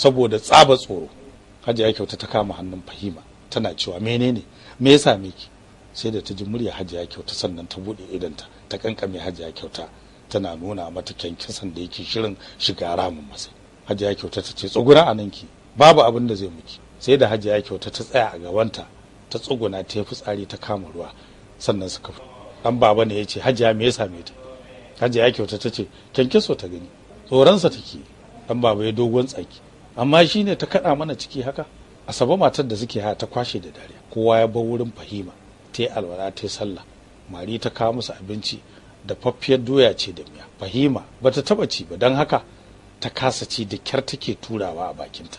saboda tsaba tsoro hajiya kyauta ta kama hannun fahima tana cewa menene me yasa miki sai da ta ji murya hajiya kyauta sannan ta bude idanta ta kankame hajiya kyauta tana nuna mata kyankyasan da yake shirin shiga ramin masai hajiya kyauta ta ce tsuguna a ki? babu abin da zai miki sai da hajiya kyauta ta tsaya a gabanta ta tsuguna ta yi fitsari ta kama ruwa sannan suka dan baba ne ya ce hajiya me ya same ta hajiya kyauta ta ce kyankyaso ta gani tsoronsa take dan baba ya dogon tsaki amma shi ne ta kaɗa mana ciki haka asabe matar da suke haya ta kwashe da dariya kowa ya bar wurin fahima ta yi alwala ta yi sallah mari ta kawo musu abinci da faffiyar doya ce da miya fahima ba ta taɓa ci ba don haka ta kasa ci da kyar take turawa a bakinta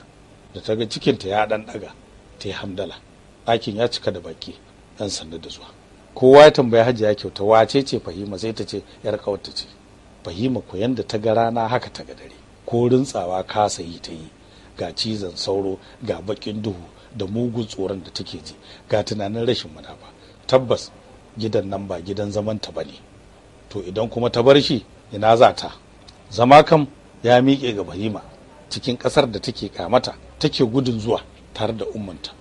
da ta ga cikinta ya ɗan ɗaga ta yi hamdala ɗakin ya cika da baki ɗan sanda da zuwa kowa ya tambaya hajiya kyauta wace ce fahima sai ta ce yar kawarta ce fahima ko yanda ta ga rana haka ta ga dare ko rintsawa kasa yi ta yi ga cizon sauro ga bakin duhu da mugun tsoron da take ji ga tunanin rashin madafa tabbas gidan nan ba gidan zaman ta bane to idan kuma ta bar shi ina za ta zama kam ya miƙe ga bahima cikin ƙasar da take kamata take gudun zuwa tare da ummanta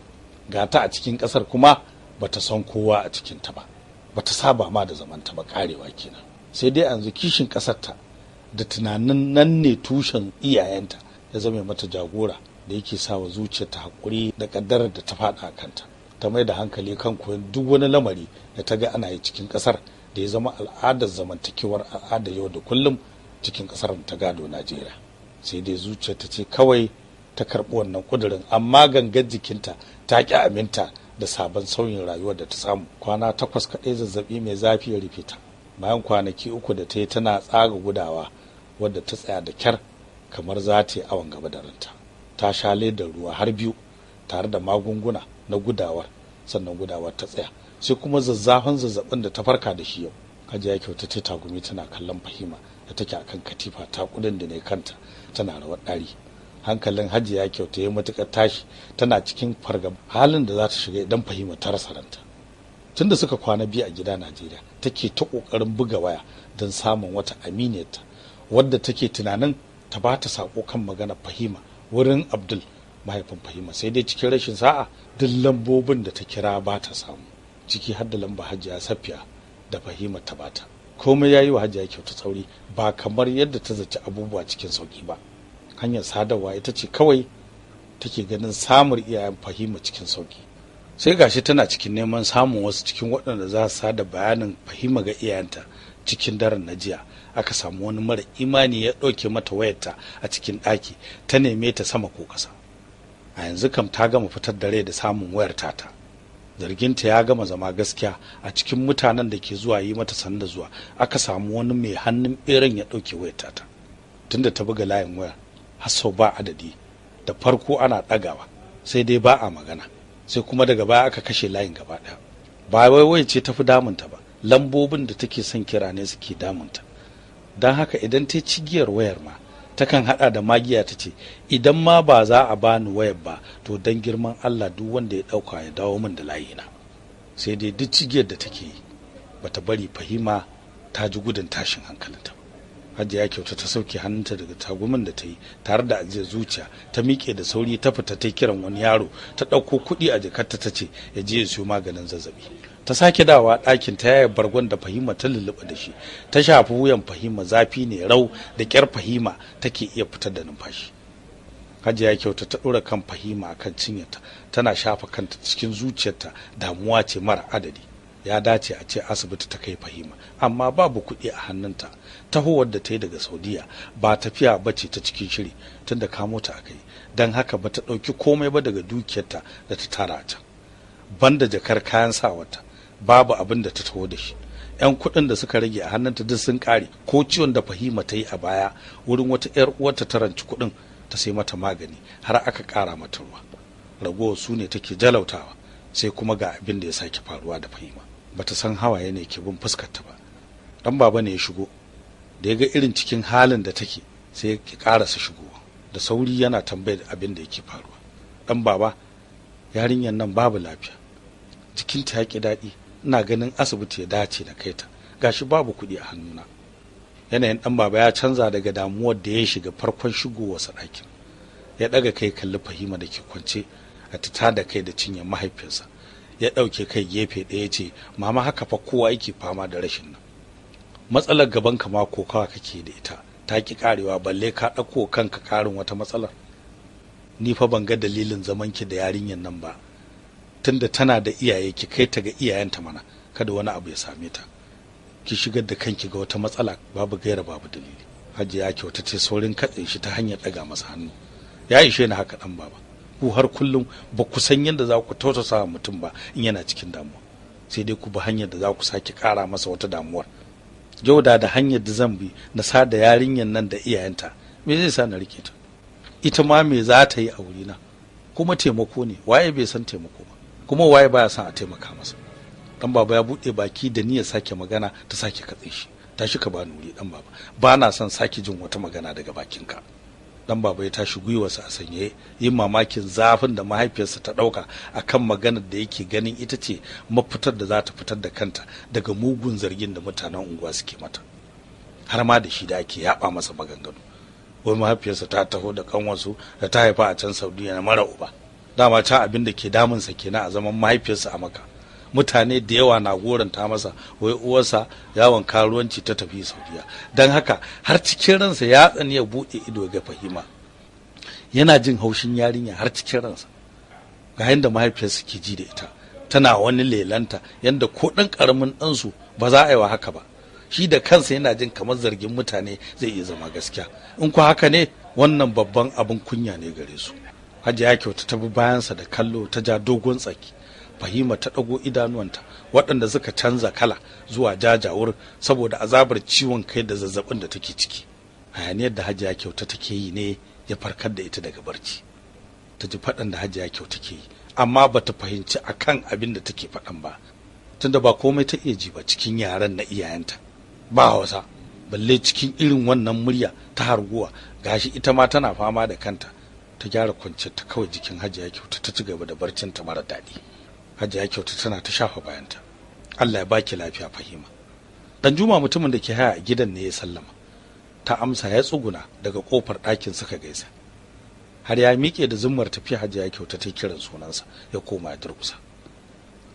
ga ta a cikin ƙasar kuma ba ta san kowa a cikin ta ba ba ta saba ma da zamanta ba karewa kenan sai dai yanzu kishin ta da tunanin nan ne tushen iyayenta ya zama mata jagora da yake sawa zuciya ta haƙuri da ƙaddarar da ta faɗa a kanta ta mai da hankali kan koyon duk wani lamari da ta ga ana yi cikin ƙasar da ya zama al'adar zamantakewar al'adar yau da kullum cikin ƙasar ta gado najeriya sai dai zuciya ta ce kawai ta karɓi wannan ƙudurin amma gangan jikinta ta ƙi aminta da sabon sauyin rayuwar da ta samu kwana takwas kaɗai zazzaɓi mai zafi ya rufe ta bayan kwanaki uku da ta yi tana tsaga gudawa wadda ta tsaya da kyar kamar za ta yi awon gaba da ranta ta sha da ruwa har biyu tare da magunguna na gudawar sannan gudawar ta tsaya sai kuma zazzafin zazzabin da ta farka da shi yau hajiya kyauta ta tagumi tana kallon fahima da take kan katifa ta kudin da ne kanta tana rawar ɗari hankalin hajiya kyauta ya matuƙar tashi tana cikin fargaba halin da za ta shiga idan fahima ta rasa ranta tunda suka kwana biyu a gida najeriya take ta ƙoƙarin buga waya don samun wata aminiyarta wadda take tunanin ta ba ta sako kan magana fahima wurin abdul mahaifin fahima sai dai cikin rashin sa'a duk lambobin da ta kira ba ta samu ciki har da lamba hajiya safiya da fahima ta bata komai ya yi wa hajiya kyauta sauri ba kamar yadda ta zaci abubuwa cikin sauki ba hanyar sadarwa ita ce kawai take ganin samun iyayen fahima cikin sauki sai gashi tana cikin neman samun wasu cikin waɗanda za su sada bayanin fahima ga iyayenta cikin daren na jiya aka samu wani mara imani ya ɗauke mata wayarta a cikin ɗaki ta neme ta sama ko ƙasa a yanzu kam ta gama fitar da rai da samun wayar tata zarginta ya gama zama gaskiya a cikin mutanen da ke zuwa yi mata sanda zuwa aka samu wani mai hannun ɓeran ya ɗauke wayar tata tunda ta buga layin wayar har sau ba adadi da farko ana ɗagawa sai dai ba a magana sai kuma daga baya aka kashe layin gaba ɗaya ba wai wai ce fi damunta ba lambobin da take son kira ne suke damunta don haka idan ta cigiyar wayar ma takan hada da magiya ta ce idan ma ba za a bani wayar ba to don girman allah duk wanda ya dauka ya dawo min da layina sai dai duk cigiyar da take yi bata bari fahima ta ji gudun tashin hankalinta hajiya kyauta ta sauke hannunta daga tagumin da ta yi tare da ajiyar zuciya ta miƙe da sauri ta fita ta kiran wani yaro ta ɗauko kuɗi a jakarta ta ce ya je ya siyo maganin zazzabi ta sake dawa ɗakin ta yaya bargon da fahima ta lulluɓa da shi ta shafi wuyan fahima zafi ne rau da ƙyar fahima take iya fitar da numfashi hajiya kyauta ta ɗora kan fahima a kan ta tana shafa kanta cikin zuciyarta damuwa ce mara adadi ya dace a ce asibiti ta kai fahima amma babu kuɗi a hannunta tahowar da ta yi daga saudiya ba tafiya ba ce ta cikin shiri tunda kamo ta a kai don haka ba ta ɗauki komai ba daga dukiyarta da ta tara a can banda jakar kayan sawata babu abin da ta taho da shi yan kuɗin da suka rage a hannunta duk sun ƙare ko ciwon da fahima ta yi a baya wurin wata yar uwarta ta ranci kuɗin ta sai mata magani har aka ƙara mata ruwa ragowa su ne take jalautawa sai kuma ga abin da ya sake faruwa da fahima bata san hawaye ne ke bin fuskarta ba dan baba ne ya shigo da ya ga irin cikin halin da take sai ya ƙarasa shigowa da sauri yana tambayar abin da yake faruwa dan baba yarinyar nan babu lafiya jikinta ya ƙi daɗi ina ganin asibiti ya dace na kaita gashi babu kuɗi a hannuna yanayin ɗan baba ya canza daga damuwar da ya shiga farkon shigowarsa ɗakin ya ɗaga kai kalli fahima da ke kwance a tita da kai da cinyar mahaifinsa ya ɗauke kai gefe ɗaya ce mama haka fa kowa yake fama da rashin nan matsalar gaban ka ma ko kawa kake da ita ta ki karewa balle ka ɗauko kanka karin wata matsalar ni fa ban ga dalilin zamanki da yarinyar nan ba tunda tana da iyaye ki kai ta ga iyayenta mana kada wani abu ya same ta ki shigar da kanki ga wata matsala babu gaira babu dalili hajiya kyauta ce saurin katse shi ta hanyar daga masa hannu ya ishe ni haka dan baba ku har kullum ba ku san yadda za ku tausasa mutum ba in yana cikin damuwa sai dai ku bi hanyar da za ku sake kara masa wata damuwar jauda da hanyar da zan bi na sa da yarinyar nan da iyayenta me zai sa na rike ta ita ma me za ta yi a wurina kuma taimako ne waye bai san taimako ba kuma waye baya son a taimaka masa dan baba ya buɗe baki da niyyar sake magana ta sake katse shi tashi ka bani wuri dan baba ba na son sake jin wata magana daga bakinka dan baba ya tashi gwiwarsa a sanye yin mamakin zafin da mahaifiyarsa ta dauka akan maganar da yake ganin ita ce mafitar da za ta fitar da kanta daga mugun zargin da mutanen unguwa suke mata har ma da shi da ake yaba masa maganganu wai mahaifiyarsa ta taho da kanwarsu da ta haifa a can saudiya na mara uba dama can abin da ke damunsa kenan a zaman mahaifiyarsa a maka mutane da yawa na goranta masa wai uwarsa yawon karuwanci ta tafi saudiya don haka har cikin ransa ya tsani ya buɗe ido ga fahima yana jin haushin yarinya har cikin ransa ga yadda mahaifiyarsa ke ji da ita tana wani lelanta yadda ko ɗan ƙaramin ɗansu ba za a yi wa haka ba shi da kansa yana jin kamar zargin mutane zai iya zama gaskiya in ku haka ne wannan babban abin kunya ne gare su hajiya kyauta ta bi bayansa da kallo ta ja dogon tsaki fahima ta ɗago idanuwanta waɗanda suka canza kala zuwa jajawur saboda azabar ciwon kai da zazzabin da take ciki hayaniyar da hajiya kyauta take yi ne ya farkar da ita daga barci ta ji faɗan da hajiya kyauta ke yi amma bata fahimci a kan abin da take faɗan ba tunda ba komai ta iya ji ba cikin yaren na iyayenta ba hausa balle cikin irin wannan murya ta harguwa gashi ita ma tana fama da kanta ta gyara kwance ta kawai jikin hajiya kyautu ta ci gaba da barcin ta mara daɗi hajiya kyauta tana ta shafa bayanta allah ya baki lafiya fahima dan juma mutumin da ke haya a gidan ne ya sallama ta amsa ya tsuguna daga kofar ɗakin suka gaisa har ya miƙe da zummar tafiya hajiya kyauta ta kiran sunansa ya koma ya durkusa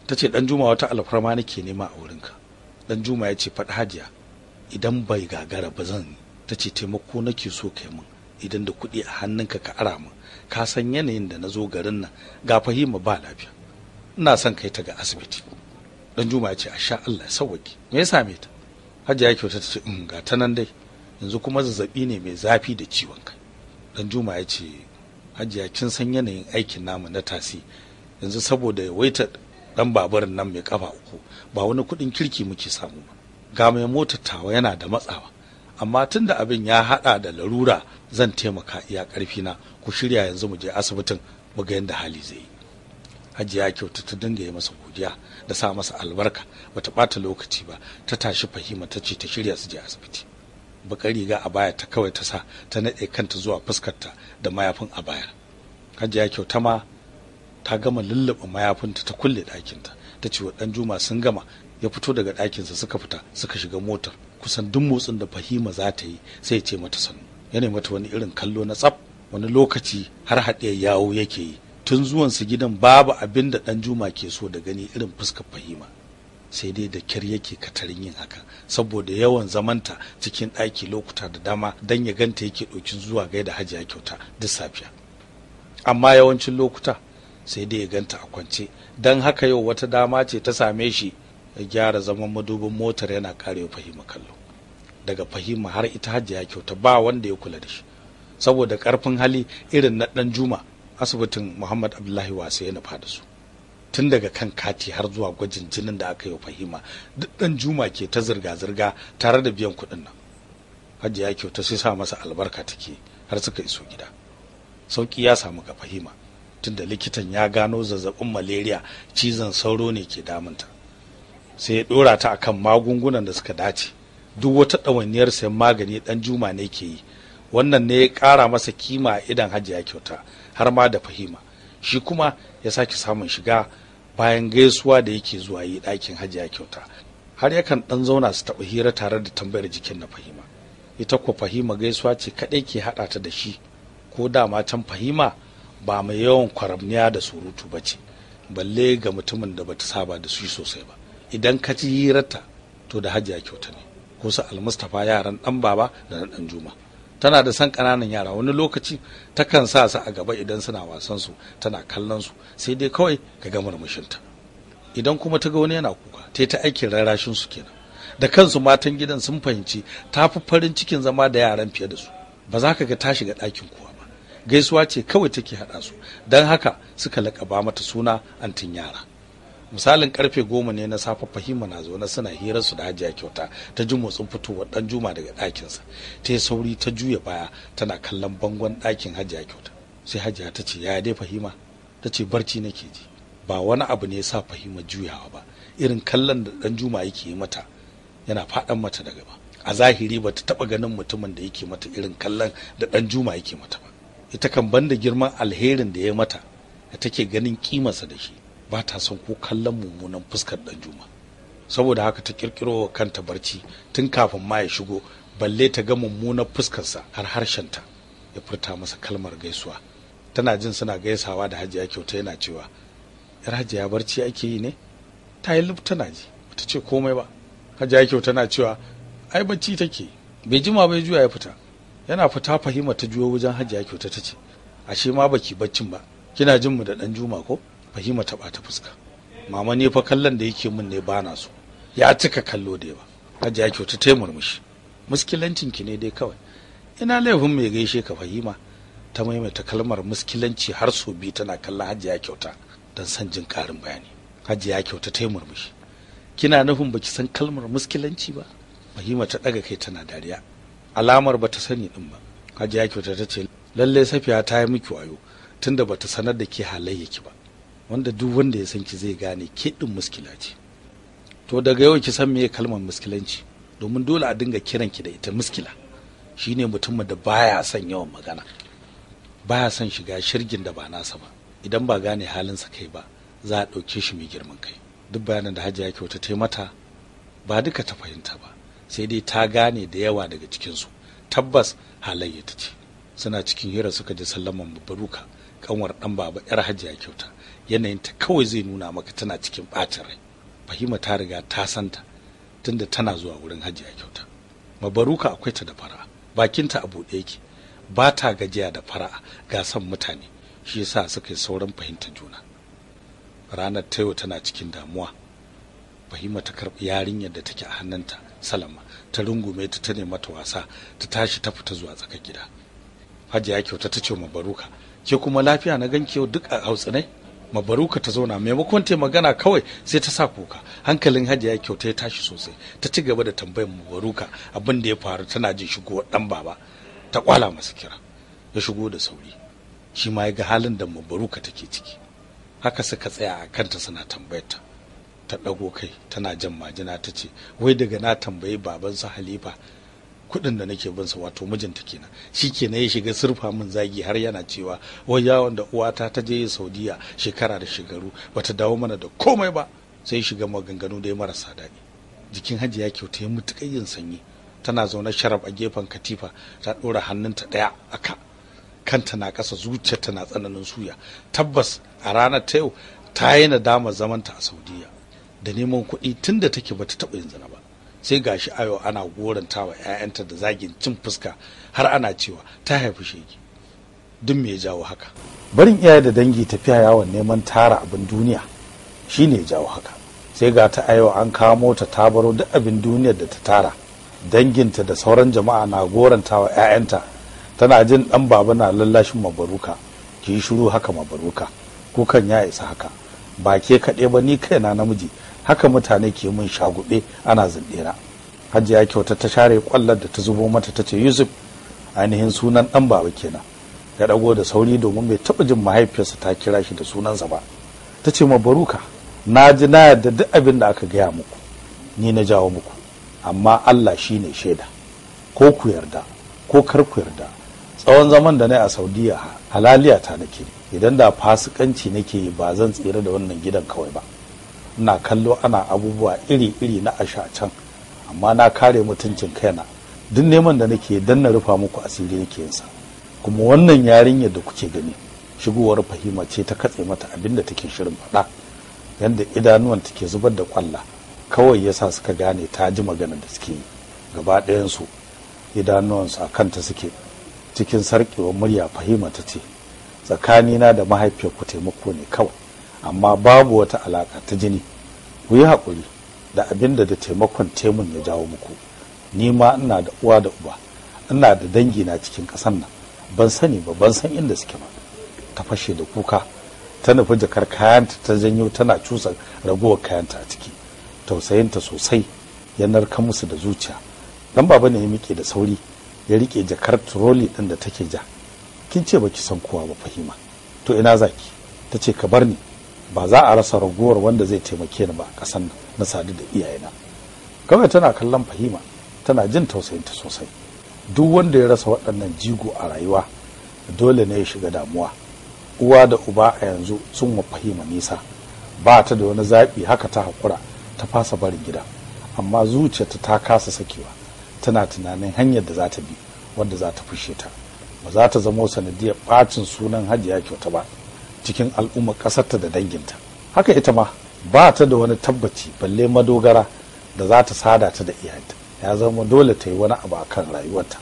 ta ce dan juma wata alfarma nake nema a wurinka dan juma ya ce faɗi hajiya idan bai gagara ba zan ta ce taimako nake so kai min idan da kuɗi a hannunka ka ara min ka san yanayin da na zo garin nan ga fahima ba lafiya ina son kai ta ga asibiti dan juma ya ce a sha Allah sauwaki me ya same ta hajiya yake ta ce in mm, ga ta nan dai yanzu kuma zazzabi ne mai zafi da ciwon kai dan juma ya ce hajiya kin san yanayin aikin namu na tasi yanzu saboda waita dan babarin nan mai kafa uku ba wani kudin kirki muke samu ba ga mai motar tawa yana da matsawa amma tun da abin ya haɗa da larura zan taimaka iya na ku shirya yanzu mu je asibitin mu ga yadda hali zai yi hajiya kyauta ta dinga yi masa godiya da sa masa albarka bata ɓata lokaci ba ta tashi fahima ta ce ta shirya su je asibiti Baƙar riga a baya ta kawai ta sa ta naɗe kanta zuwa fuskarta da mayafin a baya hajiya kyauta ma ta gama lulluɓe mayafinta ta kulle ɗakinta ta ce wa ɗan juma sun gama ya fito daga ɗakinsa suka fita suka shiga motar kusan duk motsin da fahima za ta yi sai ya ce mata sannu nemi mata wani irin kallo na tsaf wani lokaci har haɗe yawo yake yi tun zuwan su gidan babu abin da ɗan juma ke so da gani irin fuskar fahima sai dai da kyar yake katarin yin haka saboda yawan zamanta cikin ɗaki lokuta da dama don ya ganta yake ɗokin zuwa gaida hajiya kyauta duk safiya amma yawancin lokuta sai dai ya ganta a kwance don haka yau wata dama ce ta same shi gyara zaman madubin motar yana kare fahima kallo daga fahima har ita ya kyauta ba wanda ya kula da shi saboda karfin hali irin na dan juma asibitin muhammad abdullahi wasu ya nufa da su tun daga kan kati har zuwa gwajin jinin da aka yi fahima duk dan juma ke ta zirga-zirga tare da biyan kuɗin nan ya kyauta sai sa masa albarka ta ke har suka iso gida sauki ya samu ga fahima da likitan ya gano zazzabin malaria cizon sauro ne ke damunta sai ya ɗora ta kan magungunan da suka dace duk wata ɗawainiyar sayan magani ɗan juma ne ke yi wannan ne ya ƙara masa kima a idan hajiya kyauta har ma da fahima shi kuma ya sake samun shiga bayan gaisuwa da yake zuwa yi ɗakin hajiya kyauta har yakan ɗan zauna su taɓa hira tare da tambayar jikin na fahima ita kuwa fahima gaisuwa ce kaɗai ke haɗa ta da shi ko dama can fahima ba mai yawan kwaramniya da surutu ba ce balle ga mutumin da bata saba da su sosai ba idan ka ci hirarta to da hajiya kyauta ne kusa almustafa yaran dan baba da na dan juma tana da san ƙananan yara wani lokaci takan sa su a gaba idan suna wasan su tana kallon su sai dai kawai ka ga murmushinta idan kuma ta ga wani yana kuka ta ta aikin rarashin su kenan da kansu matan gidan sun fahimci ta fi farin cikin zama da yaran fiye da su ba za ka ga ta shiga ɗakin kuwa ba gaisuwa ce kawai take haɗa su don haka suka laƙaba mata suna antin yara misalin karfe goma ne na safa fahima na zaune suna hirar su da hajiya kyauta ta ji motsin fitowar dan juma daga ɗakinsa ta yi sauri ta juya baya tana kallon bangon ɗakin hajiya kyauta sai hajiya ta ce ya dai fahima ta ce barci nake ji ba wani abu ne ya sa fahima juyawa ba irin kallon da dan juma yake yi mata yana faɗan mata daga ba a zahiri ba ta taɓa ganin mutumin da yake mata irin kallon da dan juma yake mata ba ita kan banda girman alherin da ya mata da take ganin kimarsa da shi ba ta son ko kallon mummunan fuskar dan juma saboda haka ta kirkiro kanta barci tun kafin ma ya shigo balle ta ga mummunan fuskarsa har harshenta ya furta masa kalmar gaisuwa tana jin suna gaisawa da hajiya kyauta yana cewa yar hajiya barci ake yi ne ta yi tana ji bata ce komai ba hajiya kyauta na cewa ai bacci take bai jima bai juya ya fita yana fita fahima ta juyo wajen hajiya kyauta ta ce ashe ma baki baccin ba kina jin mu da dan juma ko fahima ta ɓata fuska mama ne fa kallon da yake min ne bana so ya cika kallo da ba. hajji ya kyautu ta murmushi muskilancin ki ne dai kawai ina laifin mai gaishe ka fahima ta maimaita kalmar muskilanci har so biyu tana kallon hajji ya kyauta don san jin karin bayani hajji ya kyauta ta murmushi kina nufin baki san kalmar muskilanci ba fahima ta ɗaga kai tana dariya alamar bata sani din ba hajji ya kyauta ta ce lallai safiya ta yi miki wayo tunda bata sanar da ke halayyaki ba wanda duk wanda ya san ki zai gane ke din muskila ce to daga yau ki san meye kalmar muskilanci domin dole a dinga kiran ki da ita muskila shine mutum da baya son yawan magana baya son shiga shirgin da ba nasa ba idan ba gane halin sa kai ba za a ɗauke shi mai girman kai duk bayanan da hajiya kyauta ta mata ba duka ta fahimta ba sai dai ta gane da yawa daga cikinsu tabbas halayya ta ce suna cikin hira suka ji sallaman baruka kanwar dan baba yar hajiya kyauta yanayinta kawai zai nuna maka tana cikin ɓacin rai fahima ta riga ta santa tunda tana zuwa wurin hajiya kyauta mabaruka akwai ta da fara'a bakinta a buɗe yake ba ta gajiya da fara'a ga son mutane shi yasa suka yi sauran fahimta juna ranar ta tayo tana cikin damuwa fahima ta karɓi yarinyar da take a hannunta salama ta rungume ta ta mata wasa ta tashi ta fita zuwa tsakar gida hajiya kyauta ta ce mabaruka ke kuma lafiya na ganki yau duk a hausa mabaruka ta zauna maimakon ta magana kawai sai ta sa kuka hankalin hajiya ya kyauta ya tashi sosai ta ci gaba da tambayar mabaruka abin da ya faru tana jin shigo dan baba ta kwala masa kira ya shigo da sauri shi ma ya ga halin da mabaruka take ciki haka suka tsaya a kanta suna tambayar ta ta ɗago kai tana jan majina ta ce wai daga na tambayi babansa halifa kuɗin da nake bin sa wato mijinta kenan shi kenan ya shiga surfa min zagi har yana cewa wai yawon da uwata ta je saudiya shekara da shekaru bata dawo mana da komai ba sai shiga maganganu da ya marasa daɗi jikin hajiya kyauta ya mutuƙar yin sanyi tana zaune sharaf a gefen katifa ta ɗora hannunta ɗaya a ka kanta na ƙasa zuciyar tana tsananin suya tabbas a ranar ta yau ta yi nadama zamanta a saudiya da neman kuɗi tun da take bata taɓa yin zina ba sai ga gashi ayo ana goranta wa 'ya'yanta da zagin cin fuska har ana cewa ta haifi shege duk me ya jawo haka barin iyaye da dangi tafiya yawon neman tara abin duniya shine ya jawo haka sai ga ta ayo an kamo ta ta baro duk abin duniyar da ta tara danginta da sauran jama'a na goranta wa 'ya'yanta tana jin dan baba na lallashin mabaruka ki shiru haka mabaruka kukan ya isa haka ba ke kaɗai ba ni kaina namiji haka mutane ke mun shagube ana zindera hajiya kyauta ta share kwallar da ta zubo mata ta ce yusuf ainihin sunan dan baba kenan ya dago da sauri domin bai taba jin mahaifiyarsa ta kira shi da sunansa ba ta ce ma baruka na ji na yarda duk abin da aka gaya muku ni na jawo muku amma allah shine shaida ko ku yarda ko kar ku yarda tsawon zaman da na yi a saudiya halaliya ta nake idan da fasikanci nake ba zan tsira da wannan gidan kawai ba ina kallo ana abubuwa iri-iri na asha a can amma na kare mutuncin kaina duk neman da nake dan na rufa muku asiri nake yinsa kuma wannan yarinyar da kuke gani shigowar fahima ce ta katse mata abin da take shirin faɗa yadda idanuwan take zubar da kwalla kawai ya sa suka gane ta ji magana da suke yi gaba ɗayansu idanuwansu a kanta suke cikin sarƙewar murya fahima ta ce tsakanina da mahaifiyar ku taimako ne kawai amma babu wata alaka ta jini ku yi haƙuri da abin da da taimakon temun ya jawo muku ni ma ina da uwa da uba ina da dangi na cikin ƙasan nan ban sani ba ban san inda suke ba ta fashe da kuka ta nufi jakar kayanta ta janyo tana cusa ragowar kayanta a ciki tausayinta sosai ya narka musu da zuciya dan baba ne ya miƙe da sauri ya riƙe jakar turoli ɗin da take ja kin ce baki san kowa ba fahima to ina zaki ta ce ka bar ni ba za a rasa ragowar wanda zai taimake ni ba a ƙasan na sadu da iyayena kawai tana kallon fahima tana jin tausayinta sosai duk wanda ya rasa waɗannan jigo a rayuwa dole ne ya shiga damuwa uwa da uba a yanzu sun wa fahima nisa ba ta da wani zaɓi haka ta haƙura ta fasa barin gida amma zuciyarta ta kasa sakewa tana tunanin hanyar da za ta bi wanda za ta fushe ta ba za ta zamo sanadiyar ɓacin sunan hajiya kyauta ba cikin al'ummar ƙasarta da danginta haka ita ma ba ta da wani tabbaci balle madogara da za ta sada ta da iyayenta ya zama dole ta yi wani abu a kan rayuwarta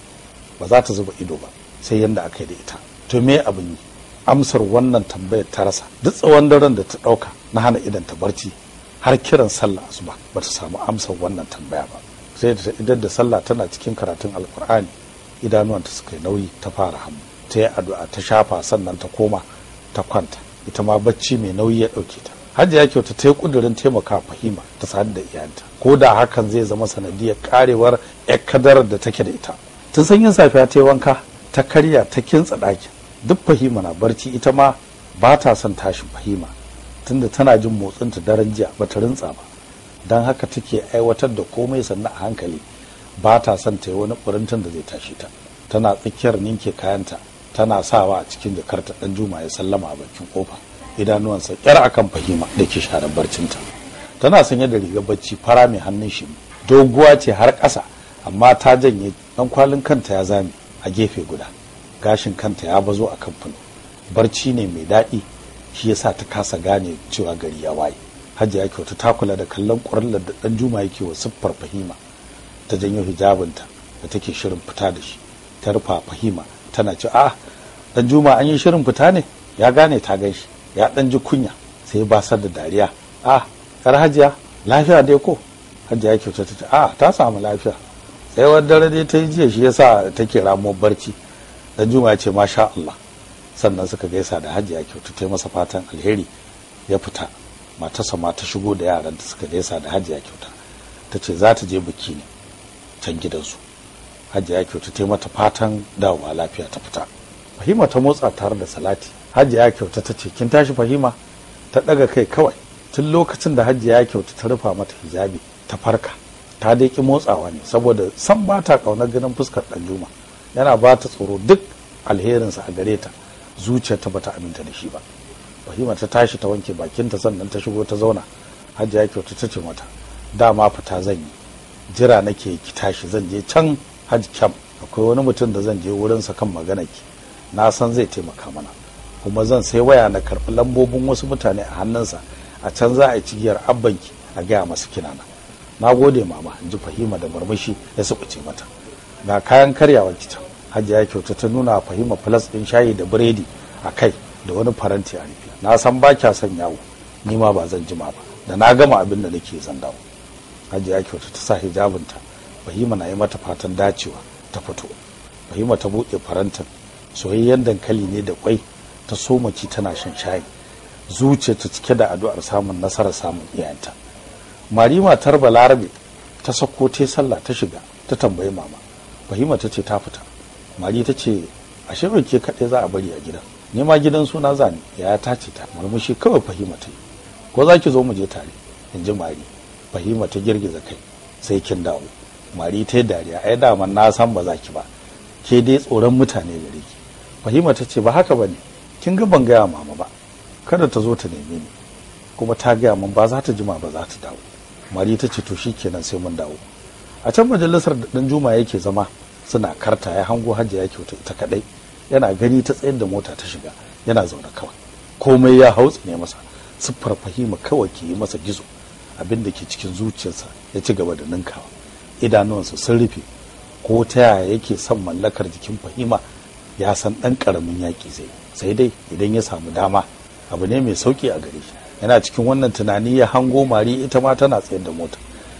ba za ta zuba ido ba sai yadda aka yi da ita to me abin yi amsar wannan tambayar ta rasa duk tsawon daren da ta ɗauka na hana idan ta barci har kiran sallah asuba ba ta samu amsar wannan tambaya ba sai da idan da sallah tana cikin karatun alkur'ani idanuwanta suka yi nauyi ta fara hamu ta yi addu'a ta shafa sannan ta koma ta kwanta ita ma bacci mai nauyi ya ɗauke ta hajji ya kyauta ta yi ƙudurin taimaka fahima ta sadu da iyanta ko da hakan zai zama sanadiyar karewar yar kadarar da take da ita tun sanyin safiya ta yi wanka ta karya ta kintsa ɗakin duk fahima na barci ita ma ba ta son tashin fahima tunda tana jin motsin ta daren jiya ba ta rintsa ba don haka take aiwatar da komai sannan a hankali ba ta son ta yi wani ƙurintun da zai tashi ta tana tsakiyar ninke kayanta tana sawa a cikin jakarta dan juma ya sallama a bakin kofa idanuwansa kyar akan fahima da ke sharar barcinta tana sanye da rigar bacci fara mai hannun shi doguwa ce har ƙasa amma ta janye dan kwalin kanta ya zame a gefe guda gashin kanta ya bazo a kamfani barci ne mai daɗi shi yasa ta kasa gane cewa gari ya waye hajiya kyauta ta kula da kallon ƙwarlar da dan juma yake wa siffar fahima ta janyo hijabinta da take shirin fita da shi ta rufa fahima tana ce a ah, dan juma an yi shirin fita ne ya gane ta gan shi ya dan ji kunya sai ya basar da dariya a ah, kar hajiya lafiya dai ko hajiya ya kyauta ta ce a ah, ta samu lafiya tsayawar dare dai ta yi jiya shi yasa take ramo barci dan juma ya ce masha Allah sannan suka gaisa da hajiya kyauta ta masa fatan alheri ya fita matarsa ma ta shigo da yaranta suka gaisa da hajiya kyauta ta ce za ta je biki ne can gidansu hajiya kyauta ta mata fatan dawowa lafiya ta fita fahima ta motsa tare da salati hajiya kyauta ta ce kin tashi fahima ta ɗaga kai kawai tun lokacin da hajiya kyauta ta rufa mata hijabi ta farka ta dai ki motsawa ne saboda san ba ta ƙaunar ganin fuskar ɗanjuma yana ba ta tsoro duk alherinsa a gare ta zuciyarta bata aminta da shi ba fahima ta tashi ta wanke bakinta sannan ta shigo ta zauna hajiya kyauta ta ce mata dama fita zan yi jira nake ki tashi zan je can hajji camp akwai wani mutum da zan je wurinsa kan magana ki na san zai taimaka mana kuma zan sai waya na karɓi lambobin wasu mutane a hannunsa a can za a yi cigiyar abbanki a gaya masu kinana na gode mama in ji fahima da murmushi ya sukuce mata ga kayan karyawa hajji hajiya kyauta ta nuna fahima plus ɗin shayi da biredi a kai da wani faranti a rufe na san ba kya son yawo ni ma ba zan jima ba da na gama abin da nake zan dawo hajiya kyauta ta sa hijabinta fahima na yi mata fatan dacewa ta fito fahima ta buɗe farantin soyayyen dankali ne da kwai ta somaci tana shan shayi ta cike da addu'ar samun nasarar samun iyayenta mari matar balarabe ta sako ta sallah ta shiga ta tambayi mama fahima ta ce ta fita mari ta ce ashe ke kaɗai za a bari a gidan ne ma gidan suna zane yaya ta ce ta murmushi kawai fahima ta yi ko za ki zo mu je tare in ji mari fahima ta girgiza kai sai kin dawo mari ta dariya ai daman na san ba za ki ba ke dai tsoron mutane gare ki fahima ta ce ba haka ba ne kin ga ban gaya mama ba kada ta zo ta neme ni kuma ta gaya mun ba za ta jima ba za ta dawo mari ta ce to kenan sai mun dawo a can majalisar da dan juma yake zama suna karta ya hango hajjia ya kyauta ita kadai yana gani ta tsayar da mota ta shiga yana zaune kawai komai ya hau tsine masa siffar fahima kawai ke yi masa gizo abin da ke cikin zuciyarsa ya ci gaba da ninkawa idanuwansa sun rufe ko ta yaya yake son mallakar jikin fahima ya san ɗan ƙaramin yaƙi zai sai dai idan ya samu dama abu ne mai sauƙi a gare shi yana cikin wannan tunani ya hango mari ita ma tana tsayar da mota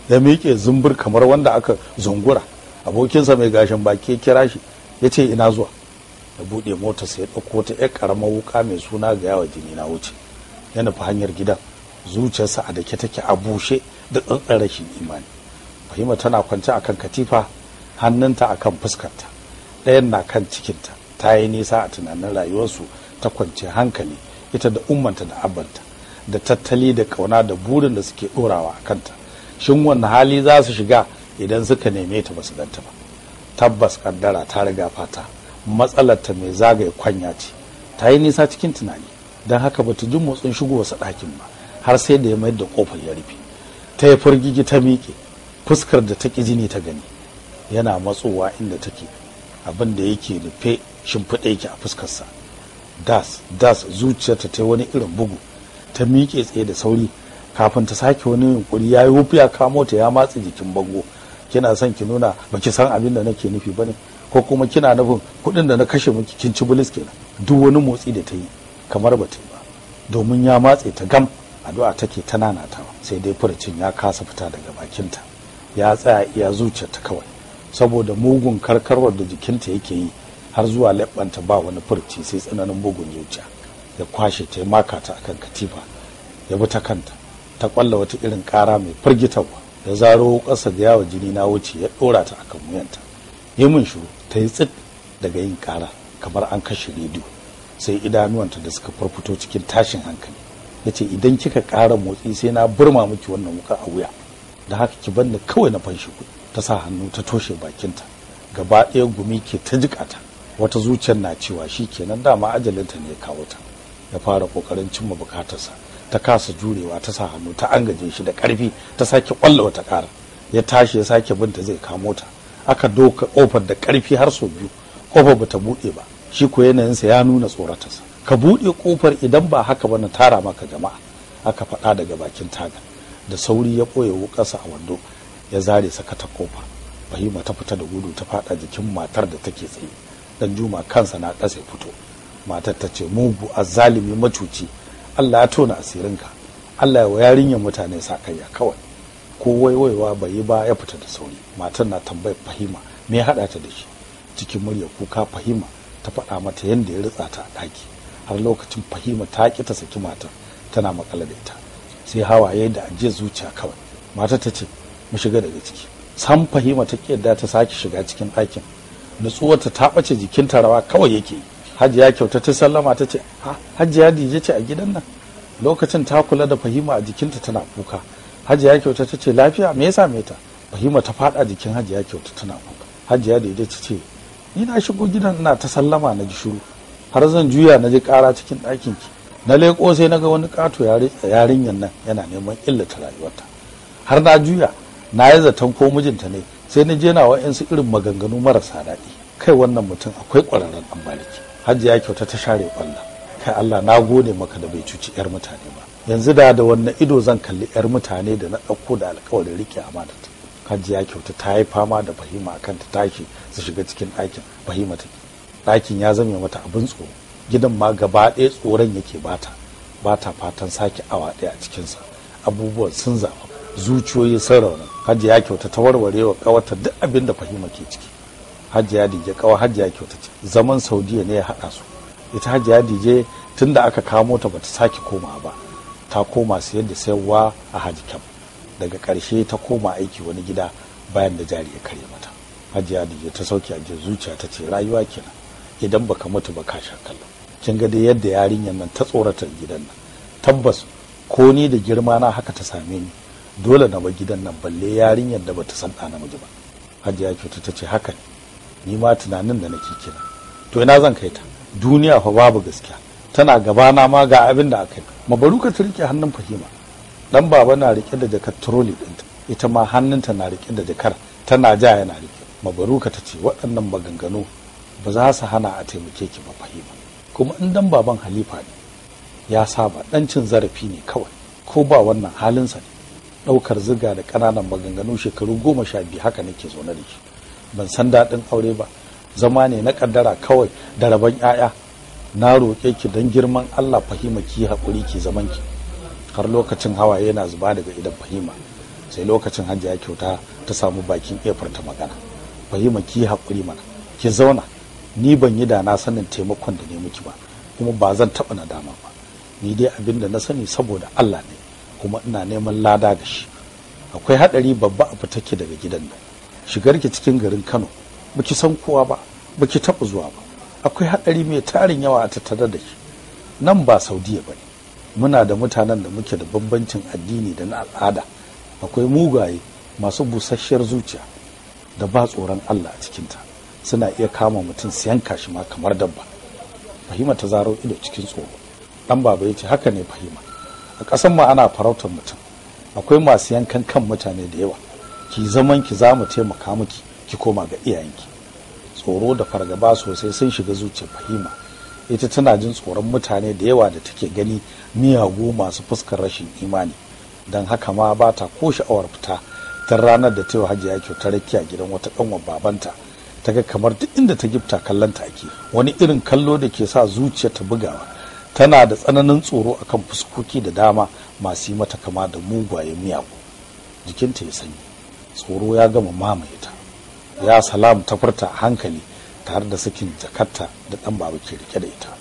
ya miƙe zumbur kamar wanda aka zungura abokinsa mai gashin baki ya kira shi ya ce ina zuwa ya buɗe motarsa ya ɗauko ta 'yar ƙaramar wuƙa mai suna ga yawa jini na wuce ya nufi hanyar gidan zuciyarsa a dake take a bushe da tsantsan rashin imani fahima tana kwance a kan katifa hannunta a kan fuskarta ɗayan na kan cikinta ta yi nisa a tunanin rayuwarsu ta kwance hankali ita da ummanta da abanta da tattali da ƙauna da burin da suke ɗorawa a kanta shin wanne hali za su shiga idan suka neme ta basu ganta ba tabbas kaddara ta riga fata matsalarta mai zagaye kwanya ce ta yi nisa cikin tunani don haka ba ta ji motsin shigowarsa ɗakin ba har sai da ya mayar da kofar ya rufe ta yi firgigi ta miƙe fuskar da ta jini ta gani yana matsowa inda take abin da yake rufe shimfiɗe yake a fuskarsa das das zuciyarta ta wani irin bugu ta miƙe tsaye da sauri kafin ta sake wani yunkuri ya yi wufi ya kamo ta ya matse jikin bango kina son ki nuna baki san abin da nake nufi ba ne ko kuma kina nufin kuɗin da na kashe miki kin ci bilis kenan duk wani motsi da ta yi kamar ba ta yi ba domin ya matse ta gam addu'a take ta nanatawa sai dai furcin ya kasa fita daga bakinta ya tsaya iya zuciya ta kawai saboda mugun karkarwar da jikinta yake yi har zuwa laɓanta ba wani furci sai tsananin bugun zuciya ya kwashe ta maka ta akan katifa ya bi ta kanta ta kwalla wata irin kara mai firgitarwa ya zaro ƙasa da yawa jini na wuce ya ɗora ta akan wuyanta yi min shuru ta yi tsit daga yin ƙara kamar an kashe rediyo sai idanuwanta da suka farfito cikin tashin hankali ya ce idan kika ƙara motsi sai na burma miki wannan wuka a wuya da haka ki banda kawai na fanshi kuɗi ta sa hannu ta toshe bakinta gaba ɗaya gumi ke ta jikata wata zuciyar na cewa shi kenan dama ajalinta ne ya kawo ta ya fara kokarin cimma bukatarsa ta kasa jurewa ta sa hannu ta angaje shi da ƙarfi ta sake ƙwallowa wata ƙara ya tashi ya sake binta zai kamo ta aka doka ƙofar da ƙarfi har sau biyu ƙofar bata buɗe ba shi ko yanayinsa ya nuna tsoratarsa ka buɗe ƙofar idan ba haka ba na tara maka jama'a aka faɗa daga bakin tagar. da sauri ya ɓoye wukarsa a wando ya zare sakata kofa fahima ta fita da gudu ta fada jikin matar da take tsaye dan juma kansa na ƙasa ya fito matar ta ce mugu azzalimi macuci Allah ya tona asirinka Allah ya wa yarinyar mutane sa sakayya kawai ko waiwaiwa bai yi ba ya fita da sauri matar na tambayar fahima me ya haɗa ta da shi cikin murya kuka fahima ta faɗa mata yadda ya ritsa ta a ɗaki har lokacin fahima ta ƙi ta saki matar tana maƙala da ita sai hawaye da ajiyar zuciya kawai mata ta ce mu shiga daga ciki san fahima ta kiyarda ta sake shiga cikin ɗakin nutsuwarta ta ɓace jikin rawa kawai yake hajiya kyauta ta sallama ta ce hajiya dije ce a gidan nan lokacin ta kula da fahima a jikinta tana kuka hajiya kyauta ta ce lafiya me yasa me ta fahima ta faɗa jikin hajiya kyauta tana kuka hajiya dije ta ce ni na shigo gidan ina ta sallama na ji shiru har zan juya na ji ƙara cikin ɗakin ki na leƙo sai na ga wani ƙato yarinyar nan yana neman illata rayuwarta har na juya na yi zaton ko mijinta ne sai na je na wa wa'insu irin maganganu marasa daɗi kai wannan mutum akwai ƙwararren ɗan hajiya kyauta ta share ƙwallon kai allah na gode maka da bai cuci 'yar mutane ba yanzu da da wannan ido zan kalli 'yar mutane da na ɗauko da alƙawarin riƙe mata ta hajiya kyauta ta yi fama da fahima akan ta tashi su shiga cikin ɗakin fahima take ɗakin ya zame mata abin tsoro gidan ma gaba ɗaya tsoron yake bata bata fatan sake awa ɗaya a cikinsa abubuwan sun zafa zuciyoyi sun rauna hajiya kyauta ta warware wa kawata duk abin da fahima ke ciki ya dije kawa ya kyauta ce zaman saudiya ne ya haɗa su ita ya dije tun da aka kamo ta bata sake koma ba ta koma sayar da sayarwa a haji kyam daga ƙarshe ta koma aiki wani gida bayan da jari ya karya mata ya dije ta sauke a zuciya ta ce rayuwa kenan idan baka mutu ba ka sha kallon kin ga dai yadda yarinyar nan ta tsoratar gidan nan tabbas ko ni da girma na haka ta same ni dole na ba gidan nan balle yarinyar da bata san da namiji ba hajiya cuta ta ce haka ne ni ma tunanin da nake kira to ina zan kai ta duniya fa babu gaskiya tana gabana ma ga abin da aka yi mabaruka ta rike hannun fahima dan baba na rike da jakar troli ɗinta ita ma hannun ta na rike da jakar tana ja yana rike mabaruka ta ce waɗannan maganganu ba za su hana a taimake ki ba fahima kuma in dan baban halifa ne ya saba dan cin zarafi ne kawai ko ba wannan halinsa ne ɗaukar ziga da ƙananan maganganu shekaru goma sha biyu haka nake zaune da shi ban san daɗin aure ba zama ne na ƙaddara kawai da rabon 'ya'ya na roƙe ki don girman Allah fahima ki haƙuri ki zaman ki har lokacin hawa yana zuba daga idan fahima sai lokacin hajji ya kyauta ta samu bakin efar ta magana fahima ki haƙuri mana ki zauna ni ban yi da na sanin taimakon da ne muke ba kuma ba zan taɓa na dama ba ni dai abin da na sani saboda Allah ne kuma ina neman lada ga shi akwai haɗari babba a fita ke daga gidan nan shigar ki cikin garin Kano baki san kowa ba baki taɓa zuwa ba akwai haɗari mai tarin yawa a tattare da shi nan ba Saudiya ba ne muna da mutanen da muke da bambancin addini da na al'ada akwai mugaye masu busasshiyar zuciya da ba tsoron Allah a cikinta suna iya kama mutum su yanka shi ma kamar dabba fahima ta zaro ido cikin tsoro dan baba ya ce haka ne fahima a ƙasan ma ana farautar mutum akwai masu yankan kan mutane da yawa ki zaman ki za mu taimaka miki ki koma ga iyayenki tsoro da fargaba sosai sun shiga zuciyar fahima ita tana jin tsoron mutane da yawa da take gani miyagu masu fuskar rashin imani don haka ma ba ta ko sha'awar fita tun ranar da ta yi hajiya kyautar rakiya gidan wata kanwar babanta ta ga kamar duk inda ta gifta kallon ta ake wani irin kallo da ke sa zuciya ta bugawa tana da tsananin tsoro a kan fuskoki da dama masu yi mata kama da mugwayen miyagu jikinta ya sanyi tsoro ya gama mamaye ta ya salam ta furta a hankali tare da sakin jakarta da ɗan baba ke rike da ita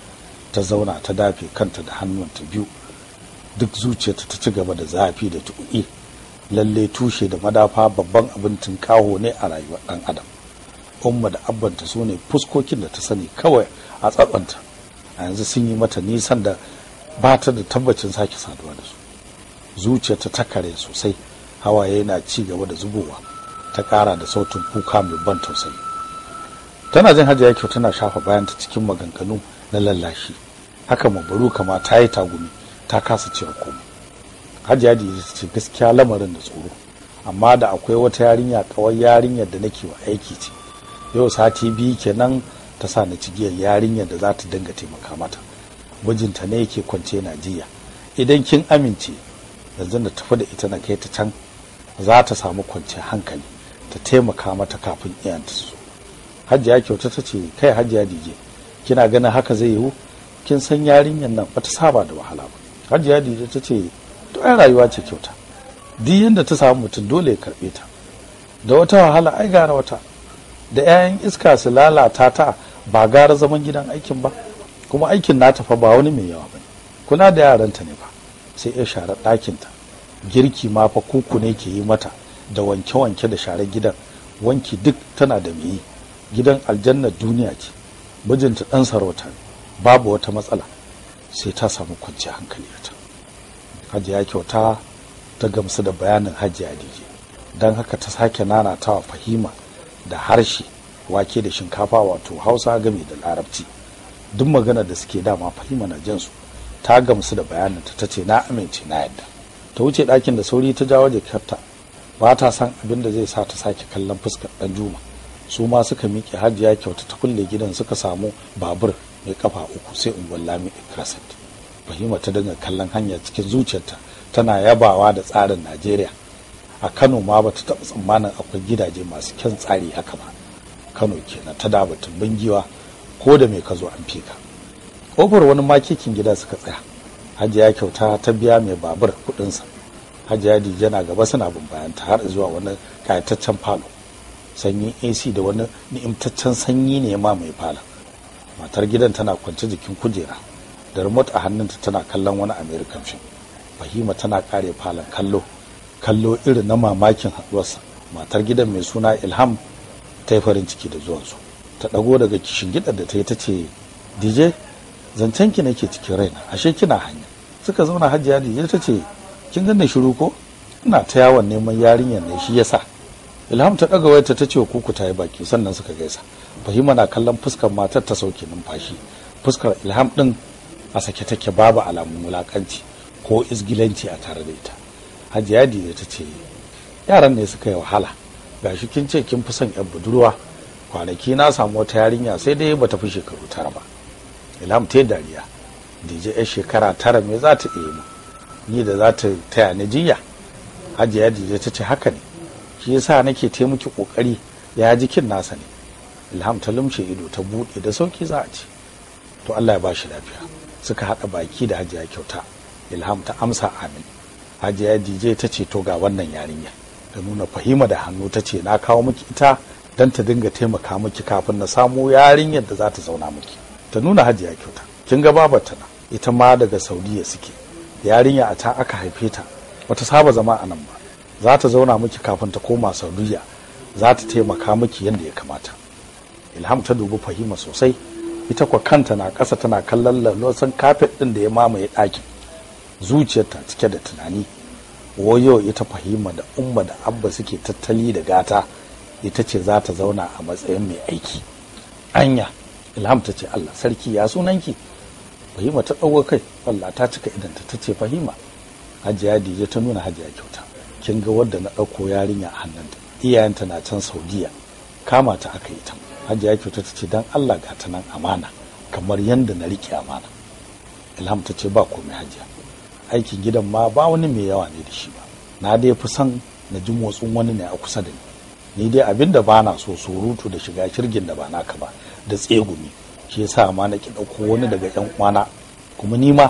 ta zauna ta dafe kanta da hannun ta biyu duk zuciyarta ta ci gaba da zafi da tuƙi lalle tushe da madafa babban abin tunkaho ne a rayuwar ɗan adam umma da abbanta su ne fuskokin da ta sani kawai a tsatsanta a yanzu sun yi mata nisan da ba ta da tabbacin sake saduwa da su zuciyarta ta kare sosai hawaye na ci gaba da zubowa ta kara da sautin kuka mai ban tausayi tana jin hajiya kyau tana shafa bayan ta cikin maganganu na lallashi haka mabaru kama ta yi tagumi ta kasa cewa komai hajiya da ce gaskiya lamarin da tsoro amma da akwai wata yarinya kawai yarinyar da nake wa aiki ce yau sati biyu kenan ta sa na cigiyar yarinyar da za ta dinga taimaka mata mijinta ne yake kwance na jiya idan kin amince yanzu na tafi da ita na kai ta can za ta samu kwanciyar hankali ta taimaka mata kafin iyanta su hajiya kyauta ta ce kai hajiya dije kina ganin haka zai yiwu kin san yarinyar nan ta saba da wahala ba hajiya dije ta ce to ai rayuwa ce kyauta duk yadda ta samu mutum dole ya karbe ta da wata wahala ai gara wata da 'ya'yan iska su lalata ta ba gara zaman gidan aikin ba kuma aikin na fa ba wani mai yawa ba kula da yaranta ne ba sai ya share ɗakinta girki ma fa kuku ne ke yi mata da wanke-wanke da share gidan wanki duk tana da mai gidan aljanna duniya ce mijinta ɗan sarauta ne, babu wata matsala sai ta samu kwanci hankali ta hajiya kyauta ta gamsu da bayanin hajiya dije don haka ta sake nanatawa fahima da harshe wake da shinkafa wato hausa game da larabci duk magana da suke dama fahima na jinsu ta gamsu da bayanin ta ce na amince na yadda ta wuce ɗakin da sauri ta jawo jakarta ba ta san abin da zai sa ta sake kallon fuskar dan juma su ma suka miƙe hajiya kyauta ta kulle gidan suka samu babur mai kafa uku sai unguwar lami crescent fahima ta danga kallon hanya cikin zuciyarta tana yabawa da tsarin najeriya a kano ma ba ta taɓa tsammanin akwai gidaje masu kyan tsari haka ba kano kenan ta dabatun bangiwa ko da mai ka zo an fi ka ƙofar wani makekin gida suka tsaya hajiya kyauta ta biya mai babur kuɗinsa hajiya dija na gaba suna bin bayanta har zuwa wani ƙayataccen falo sanyin ac da wani ni'imtaccen sanyi ne ma mai fala matar gidan tana kwance jikin kujera da remote a hannunta tana kallon wani american fim. fahima tana kare falon kallo kallo irin na mamakin haɗuwarsa matar gidan mai suna ilham ta yi farin ciki da zuwansu ta ɗago daga kishin gidan da ta yi ta ce dj zancen ki nake cikin raina ashe kina hanya suka zauna hajiya dj ta ce kin ganni shiru ko ina ta yawon neman yarinyar ne shi yasa ilham ta ɗaga wayarta ta ce wa kuku ta yi baki sannan suka gaisa fahima na kallon fuskar matar ta sauke numfashi fuskar ilham ɗin a sake take babu alamun wulakanci ko isgilanci a tare da ita hajiya ne ta ce yaran ne suka yi wahala gashi kin ce kin fi son yan budurwa kwanaki na samu wata yarinya sai dai bata fi shekaru tara ba ilham ta dariya dije yar shekara tara me za ta iya mu ni da za ta taya ni jiya hajiya dije ta ce haka ne shi yasa nake taimaki kokari ya jikin nasa ne ilham ta lumshe ido ta buɗe da sauki za a ce to allah ya ba shi lafiya suka haɗa baki da hajiya kyauta ilham ta amsa amin hajiya dj ta ce to ga wannan yarinya ta nuna fahima da hannu ta ce na kawo miki ita don ta dinga taimaka miki kafin na samo yarinyar da za ta zauna miki ta nuna hajiya kyauta kin ga babarta na ita ma daga saudiya suke yarinya a ta aka haife ta wata saba zama a nan ba za ta zauna miki kafin ta koma saudiya za ta taimaka miki yadda ya kamata ilham ta dubi fahima sosai ita kwa kanta na ƙasa tana kallon lalosan kafet ɗin da ya mamaye ɗakin Zuciyar ta cike da tunani wayo ita fahima da umma da abba suke tattali da gata ita ce za ta zauna a matsayin mai aiki anya ilham ta ce allah sarki ya sunanki fahima ta ɗauko kai allah ta cika idan ta ce fahima hajiya dije ta nuna hajiya kyauta kin ga wadda na ɗauko yarinya a hannunta iyayenta na can saudiya kama ta aka yi ta hajiya kyauta ta ce don allah ga ta nan amana kamar yadda na riƙe amana ilham ta ce ba komai hajiya aikin gidan ma ba wani mai yawa ne da shi ba na dai fi son na ji motsin wani ne a kusa da ni ni dai abin da ba na so surutu da shiga shirgin da ba naka ba da tsegumi shi sa ma na kiɗa ko wani daga yan uwana kuma ni ma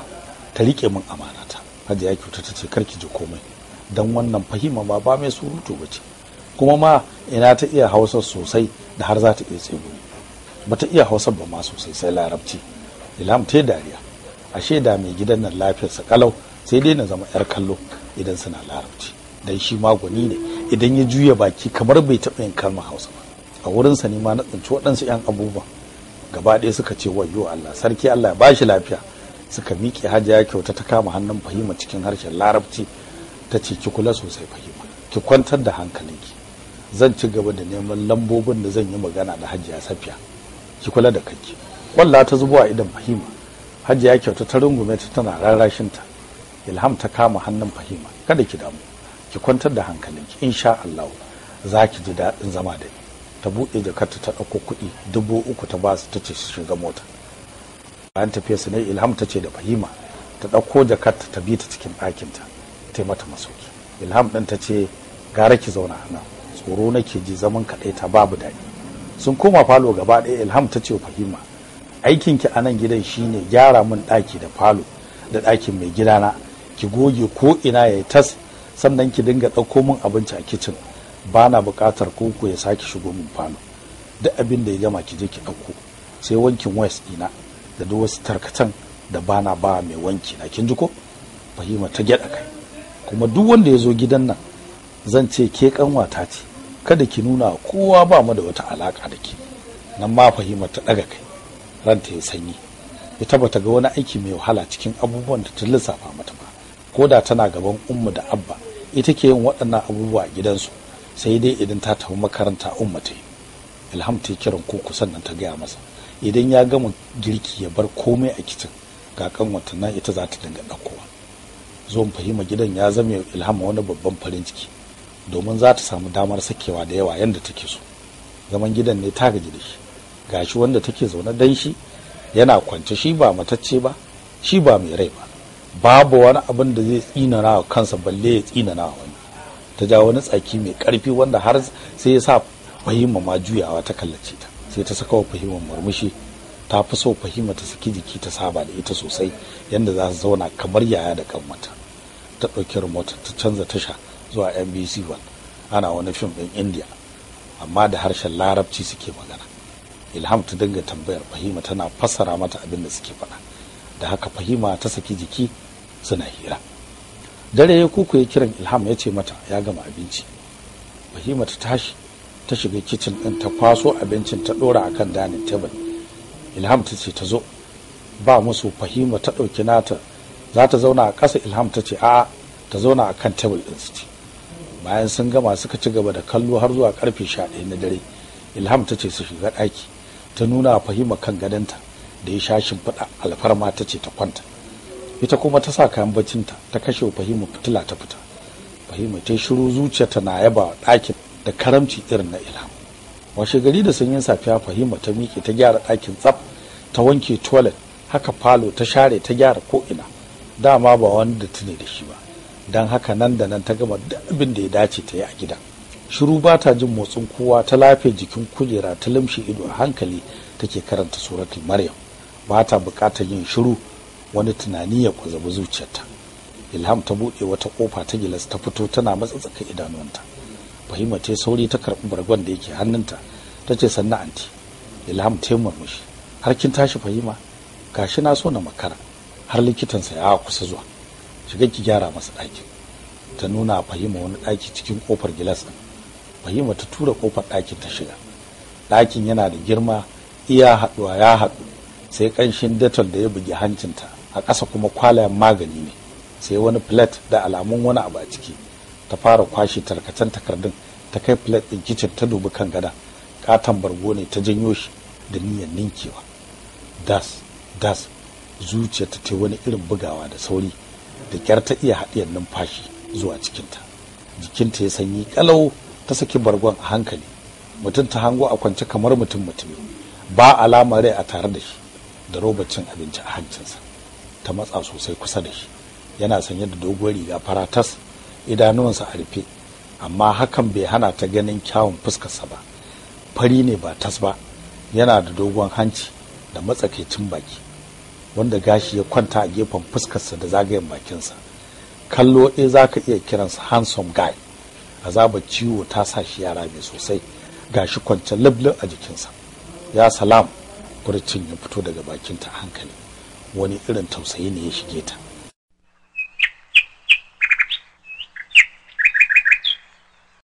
ta riƙe min amanata hajiya kyauta ta ce kar ki ji komai dan wannan fahima ma ba mai surutu ba ce kuma ma ina ta iya hausa sosai da har za ta iya tsegumi ba ta iya hausa ba ma sosai sai larabci ilham ta dariya a da mai gidan nan lafiyarsa kalau sai dai na zama yar kallo idan suna larabci dan shi magwani ne idan ya juya baki kamar bai taɓa yin kalmar hausa ba a wurinsa ne ma na tsinci waɗansu 'yan abubuwa gaba ɗaya suka ce wayo allah sarki allah ya bashi lafiya suka miƙe hajiya kyauta ta kama hannun fahima cikin harshen larabci ta ce ki kula sosai fahima ki kwantar da hankalinki zan ci gaba da neman lambobin da zan yi magana da hajiya safiya ki kula da kanki kwalla ta zubo a idan fahima hajiya kyauta ta rungume ta tana rarrashinta ilham ta kama hannun fahima kada ki damu ki kwantar da hankalinki insha Allah za ki ji daɗin zama da ni ta buɗe jakarta ta ɗauko kuɗi dubu uku ta basu ta ce shiga mota bayan tafiya su ne ilham ta ce da fahima ta ɗauko jakarta ta bi ta cikin ɗakinta ta yi mata masauki ilham ɗin ta ce gara ki zauna a nan tsoro nake ji zaman kaɗai ta babu daɗi sun koma falo gaba ɗaya ilham ta ce fahima aikin ki a nan gidan shine gyara min ɗaki da falo da ɗakin mai gidana ki goge ko ina ya tas sannan ki dinga ɗauko min abinci a kicin ba na buƙatar koko ya sake shigo min falo duk abin da ya gama ki je ki ɗauko sai wankin wes ina da duk wasu tarkatan da ba na ba mai wanki na kin ji ko fahima ta gyaɗa kai kuma duk wanda ya zo gidan nan zan ce ke kanwata ce kada ki nuna kowa ba mu da wata alaƙa da ke nan ma fahima ta ɗaga kai ranta ya sanyi ita bata ga wani aiki mai wahala cikin abubuwan da ta lissafa mata ba ko da tana gaban umma da abba ita ke yin waɗannan abubuwa a gidansu sai dai idan ta tafi makaranta umma ta yi ilham ta kiran koko sannan ta gaya masa idan ya gama girki ya bar komai a kicin ga kan watannan ita za ta dinga ɗaukowa zuwan fahima gidan ya zama ilham wani babban farin ciki domin za ta samu damar sakewa da yawa yadda take so zaman gidan ne ta gaji da shi gashi wanda take zaune dan shi yana kwance shi ba matacce ba shi ba mai rai ba babu wani abin da zai tsina wa kansa balle ya tsina wa wani ta ja wani tsaki mai karfi wanda har sai ya sa fahimma ma juyawa ta kallace ta sai ta saka wa fahimma murmushi ta fi so fahimma ta saki jiki ta saba da ita sosai yadda za su zauna kamar yaya da kan mata ta ɗauki remote ta canza tasha zuwa nbc one ana wani fim ɗin india amma da harshen larabci suke magana ilham ta dinga tambayar fahima tana fassara mata abin da suke faɗa da haka fahima ta saki jiki suna hira dare ya kuku ya kiran ilham ya ce mata ya gama abinci fahima ta tashi ta shiga kicin ɗin ta kwaso abincin ta ɗora a kan dining table ilham ta ce ta zo ba musu fahima ta ɗauki nata za ta zauna a ƙasa ilham ta ce a'a ta zauna a kan tebul ɗin su ce bayan sun gama suka ci gaba da kallo har zuwa ƙarfe sha ɗaya na dare ilham ta ce su shiga ɗaki ta nuna fahima kan gadonta da ya sha shimfiɗa alfarma ta ce ta kwanta ita kuma ta sa kayan bacinta ta kashe fahimar fitila ta fita fahimar ta shiru zuciya ta na yaba ɗakin da karamci irin na ila. washe gari da sanyin safiya fahima ta miƙe ta gyara ɗakin tsaf ta wanke toilet haka falo ta share ta gyara ko ko'ina dama ba wanda ne da shi ba don haka nan da nan ta gama duk abin da ya dace ta yi a gidan shiru ba ta jin motsin kowa ta lafe jikin kujera ta limshi ido a hankali take karanta suratul maryam ba ta bukatar yin shiru wani tunani ya kwazabi zuciyarta ilham ta buɗe wata kofa ta gilas ta fito tana matsatsaka idanuwanta fahima ta sauri ta karɓi bargon da yake hannunta ta ce sannan anti ilham ta murmushi har kin tashi fahima gashi na so na makara har likitansa ya kusa zuwa shiga ki gyara masa ɗakin ta nuna fahima wani ɗaki cikin kofar gilas ɗin fahima ta tura kofar ɗakin ta shiga ɗakin yana da girma iya haɗuwa ya haɗu sai ƙanshin detol da ya bugi hancinta a ƙasa kuma kwalayen magani ne sai wani plate da alamun wani abu a ciki ta fara kwashe tarkacen takardun ta kai plate ɗin kicin ta dubi kan gada katon bargo ne ta janyo shi da niyyar ninkewa das das zuciya ta ta wani irin bugawa da sauri da kyar ta iya haɗiyar numfashi zuwa cikinta jikinta ya sanyi ƙalau. ta saki bargon a hankali mutum ta hango a kwance kamar mutum mutumi ba alama rai a tare da shi da robar cin abinci a hancinsa ta matsa sosai kusa da shi yana sanye da doguwar riga fara tas idanuwansa a rufe amma hakan bai hana ta ganin kyawun fuskarsa ba fari ne ba tas ba yana da dogon hanci da matsakaicin baki wanda gashi ya kwanta a gefen fuskarsa da zagayen bakinsa kallo ɗaya za ka iya kiransa handsome guy azabar ciwo ta sa shi yara mai sosai ga shi kwance lablin a jikinsa ya salam furcin ya fito daga bakinta hankali wani irin tausayi ne ya shige ta